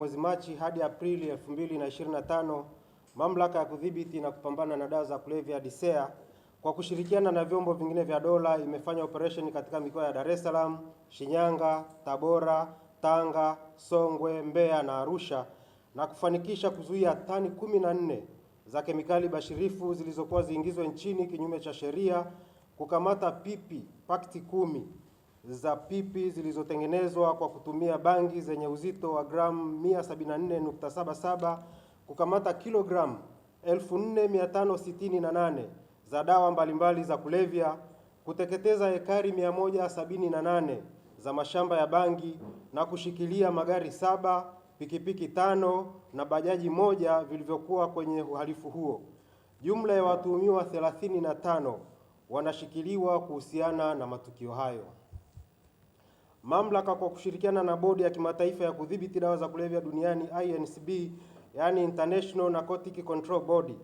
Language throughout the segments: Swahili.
Mwezi Machi hadi Aprili 2025, Mamlaka ya Kudhibiti na Kupambana na Dawa za Kulevya DCEA kwa kushirikiana na vyombo vingine vya dola imefanya operesheni katika mikoa ya Dar es Salaam, Shinyanga, Tabora, Tanga, Songwe, Mbeya na Arusha na kufanikisha kuzuia tani kumi na nne za kemikali bashirifu zilizokuwa ziingizwe nchini kinyume cha sheria, kukamata pipi pakti kumi za pipi zilizotengenezwa kwa kutumia bangi zenye uzito wa gramu 174.77 kukamata kilogramu 4568 za dawa mbalimbali za kulevya, kuteketeza ekari 178 za mashamba ya bangi na kushikilia magari saba, pikipiki tano na bajaji moja vilivyokuwa kwenye uhalifu huo. Jumla ya watuhumiwa 35 wanashikiliwa kuhusiana na matukio hayo mamlaka kwa kushirikiana na bodi ya kimataifa ya kudhibiti dawa za kulevya duniani INCB, yani International Narcotic Control Body,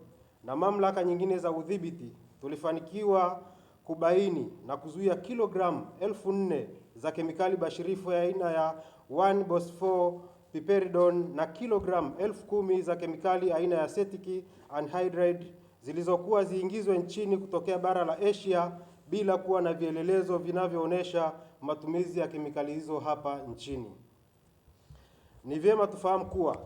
na mamlaka nyingine za udhibiti tulifanikiwa kubaini na kuzuia kilogramu elfu nne za kemikali bashirifu ya aina ya 1 bos 4 piperidone na kilogramu elfu kumi za kemikali aina ya acetic anhydride zilizokuwa ziingizwe nchini kutokea bara la Asia bila kuwa na vielelezo vinavyoonyesha matumizi ya kemikali hizo hapa nchini. Ni vyema tufahamu kuwa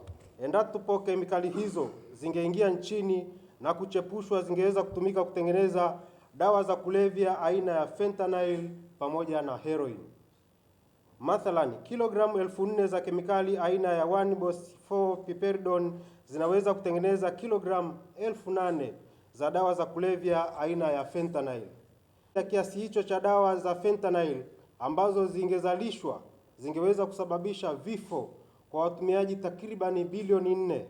endapo kemikali hizo zingeingia nchini na kuchepushwa, zingeweza kutumika kutengeneza dawa za kulevya aina ya fentanyl pamoja na heroin. Mathalani, kilogramu elfu nne za kemikali aina ya 1 boss 4 piperidone zinaweza kutengeneza kilogramu elfu nane za dawa za kulevya aina ya fentanyl ya kiasi hicho cha dawa za fentanyl ambazo zingezalishwa zingeweza kusababisha vifo kwa watumiaji takribani bilioni nne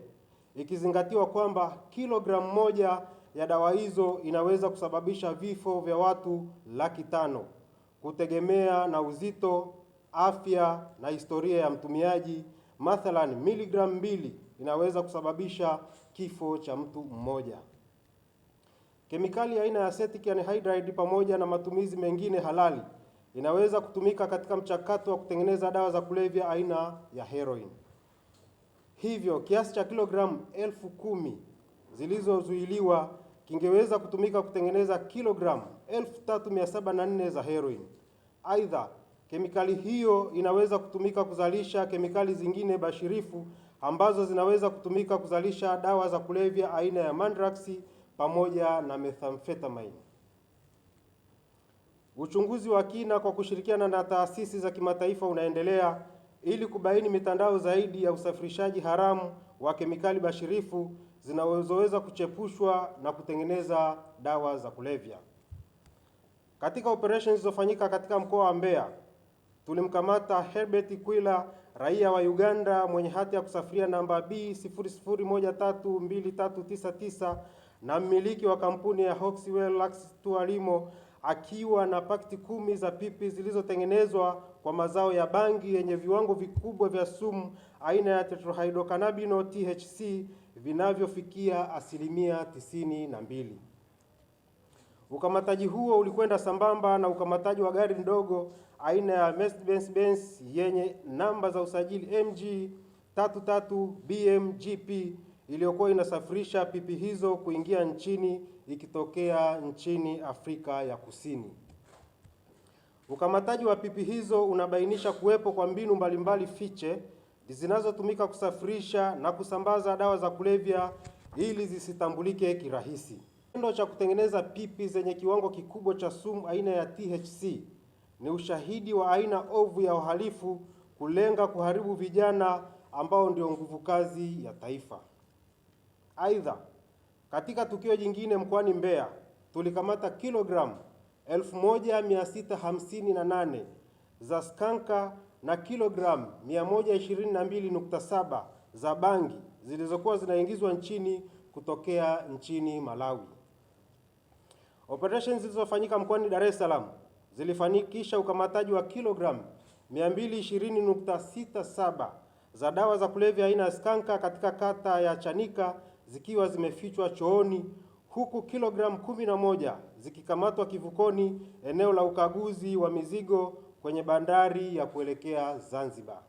ikizingatiwa kwamba kilogramu moja ya dawa hizo inaweza kusababisha vifo vya watu laki tano kutegemea na uzito, afya na historia ya mtumiaji. Mathalan, miligramu mbili inaweza kusababisha kifo cha mtu mmoja. Kemikali aina ya acetic anhydride pamoja na matumizi mengine halali inaweza kutumika katika mchakato wa kutengeneza dawa za kulevya aina ya heroin. Hivyo kiasi cha kilogramu elfu kumi zilizozuiliwa kingeweza kutumika kutengeneza kilogramu nne za heroin. Aidha, kemikali hiyo inaweza kutumika kuzalisha kemikali zingine bashirifu ambazo zinaweza kutumika kuzalisha dawa za kulevya aina ya mandraxi pamoja na methamphetamine. Uchunguzi wa kina kwa kushirikiana na taasisi za kimataifa unaendelea ili kubaini mitandao zaidi ya usafirishaji haramu wa kemikali bashirifu zinazoweza kuchepushwa na kutengeneza dawa za kulevya. Katika operesheni zilizofanyika katika mkoa wa Mbeya, tulimkamata Herbert Kwila raia wa Uganda mwenye hati ya kusafiria namba B 00132399 na mmiliki wa kampuni ya Hoxwell Lux Tualimo akiwa na pakiti kumi za pipi zilizotengenezwa kwa mazao ya bangi yenye viwango vikubwa vya sumu aina ya tetrahydrocannabinol THC vinavyofikia asilimia tisini na mbili. Ukamataji huo ulikwenda sambamba na ukamataji wa gari ndogo aina ya Mercedes Benz yenye namba za usajili MG 33 BMGP iliyokuwa inasafirisha pipi hizo kuingia nchini ikitokea nchini Afrika ya Kusini. Ukamataji wa pipi hizo unabainisha kuwepo kwa mbinu mbalimbali fiche zinazotumika kusafirisha na kusambaza dawa za kulevya ili zisitambulike kirahisi. Kitendo cha kutengeneza pipi zenye kiwango kikubwa cha sumu aina ya THC ni ushahidi wa aina ovu ya uhalifu kulenga kuharibu vijana ambao ndio nguvu kazi ya taifa. Aidha, katika tukio jingine mkoani Mbeya tulikamata kilogramu 1658 za skanka na kilogramu 122.7 za bangi zilizokuwa zinaingizwa nchini kutokea nchini Malawi. Operations zilizofanyika mkoani Dar es Salaam zilifanikisha ukamataji wa kilogramu 220.67 za dawa za kulevya aina ya skanka katika kata ya Chanika zikiwa zimefichwa chooni, huku kilogramu 11 zikikamatwa kivukoni eneo la ukaguzi wa mizigo kwenye bandari ya kuelekea Zanzibar.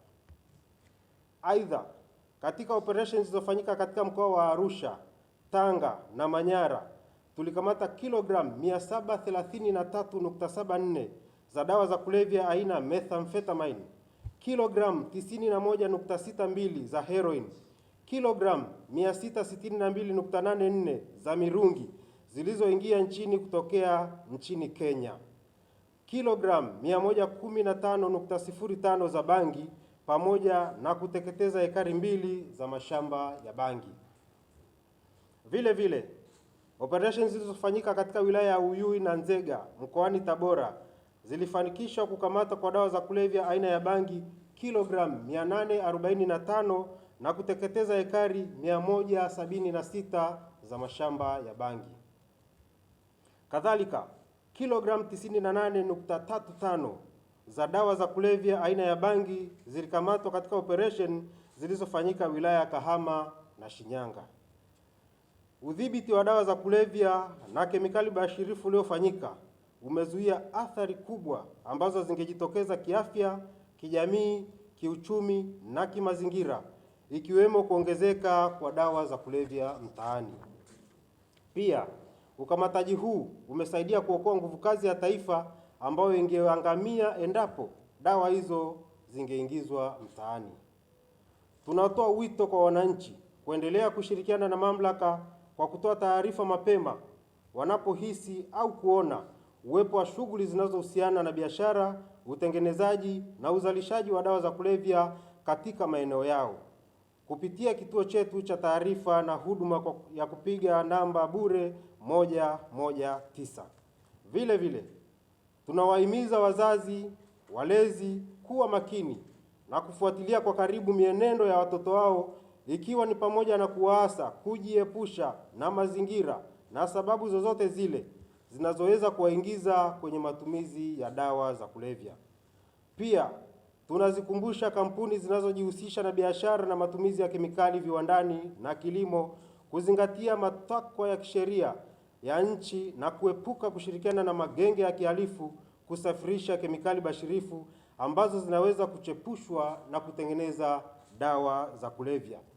Aidha, katika operations zilizofanyika katika mkoa wa Arusha, Tanga na Manyara tulikamata kilogramu 733.74 za dawa za kulevya aina methamphetamine, kilogramu 91.62 za heroin, kilogramu 662.84 za mirungi zilizoingia nchini kutokea nchini Kenya, kilogramu 115.05 za bangi pamoja na kuteketeza ekari mbili za mashamba ya bangi. Vile vile Operesheni zilizofanyika katika wilaya ya Uyui na Nzega mkoani Tabora zilifanikisha kukamata kwa dawa za kulevya aina ya bangi kilogramu 845 na kuteketeza ekari 176 za mashamba ya bangi. Kadhalika, kilogramu 98.35 za dawa za kulevya aina ya bangi zilikamatwa katika operesheni zilizofanyika wilaya ya Kahama na Shinyanga. Udhibiti wa dawa za kulevya na kemikali bashirifu uliofanyika umezuia athari kubwa ambazo zingejitokeza kiafya, kijamii, kiuchumi na kimazingira ikiwemo kuongezeka kwa dawa za kulevya mtaani. Pia, ukamataji huu umesaidia kuokoa nguvu kazi ya taifa ambayo ingeangamia endapo dawa hizo zingeingizwa mtaani. Tunatoa wito kwa wananchi kuendelea kushirikiana na mamlaka kwa kutoa taarifa mapema wanapohisi au kuona uwepo wa shughuli zinazohusiana na biashara, utengenezaji na uzalishaji wa dawa za kulevya katika maeneo yao. Kupitia kituo chetu cha taarifa na huduma ya kupiga namba bure tisa. Vile vile tunawahimiza wazazi, walezi kuwa makini na kufuatilia kwa karibu mienendo ya watoto wao ikiwa ni pamoja na kuwaasa kujiepusha na mazingira na sababu zozote zile zinazoweza kuwaingiza kwenye matumizi ya dawa za kulevya. Pia tunazikumbusha kampuni zinazojihusisha na biashara na matumizi ya kemikali viwandani na kilimo kuzingatia matakwa ya kisheria ya nchi na kuepuka kushirikiana na magenge ya kihalifu kusafirisha kemikali bashirifu ambazo zinaweza kuchepushwa na kutengeneza dawa za kulevya.